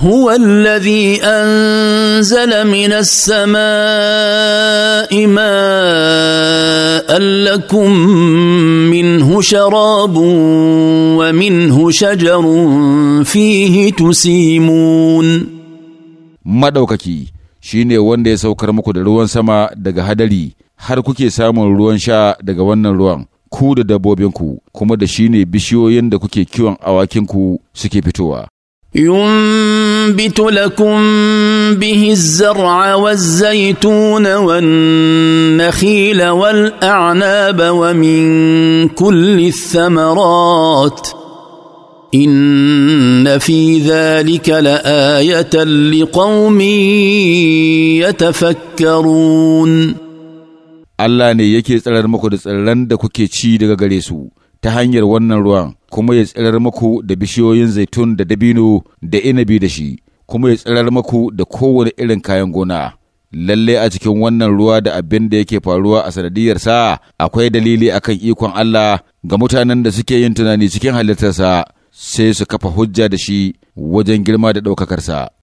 هو الذي انزل من السماء ماء لكم منه شراب ومنه شجر فيه تسيمون madaukaki shine wanda ya saukar muku da ruwan sama daga hadari har kuke samun ruwan sha daga wannan ruwan ku da dabbobinku kuma da shine bishiyoyin da kuke kiwon awakinku suke fitowa ينبت لكم به الزرع والزيتون والنخيل والاعناب ومن كل الثمرات ان في ذلك لايه لقوم يتفكرون Allah ne yake tsirar muku da tsirran da kuke ci daga gare su ta hanyar wannan ruwan kuma ya tsirar maku da bishiyoyin zaitun da dabino da inabi da shi, kuma ya tsirar maku da kowane irin kayan gona. Lalle a cikin wannan ruwa da abin da yake faruwa a sanadiyarsa akwai dalili akan ikon Allah ga mutanen da suke yin tunani cikin halittarsa sai su kafa hujja da shi wajen girma da ɗaukakarsa.